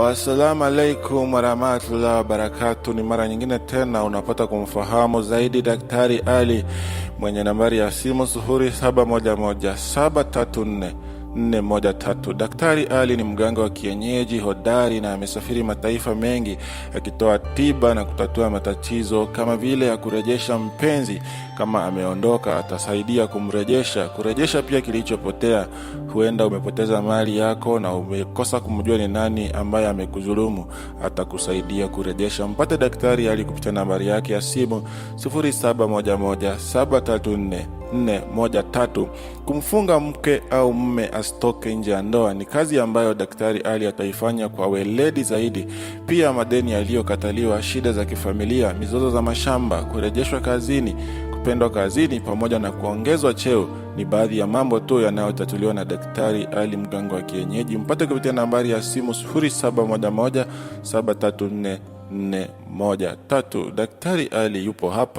Wassalamu alaikum warahmatullahi wabarakatu. Ni mara nyingine tena unapata kumfahamu zaidi Daktari Ali mwenye nambari ya simu 0711 734 413. Daktari Ali ni mganga wa kienyeji hodari na amesafiri mataifa mengi akitoa tiba na kutatua matatizo kama vile ya kurejesha mpenzi. Kama ameondoka, atasaidia kumrejesha, kurejesha pia kilichopotea. Huenda umepoteza mali yako na umekosa kumjua ni nani ambaye amekudhulumu, atakusaidia kurejesha. Mpate Daktari Ali kupitia nambari yake ya simu 0711 734 413 kumfunga mke au mme asitoke nje ya ndoa ni kazi ambayo Daktari Ali ataifanya kwa weledi zaidi. Pia madeni yaliyokataliwa, shida za kifamilia, mizozo za mashamba, kurejeshwa kazini, kupendwa kazini, pamoja na kuongezwa cheo ni baadhi ya mambo tu yanayotatuliwa na Daktari Ali mganga wa kienyeji. Mpate kupitia nambari ya simu 0711734413. Daktari Ali yupo hapa.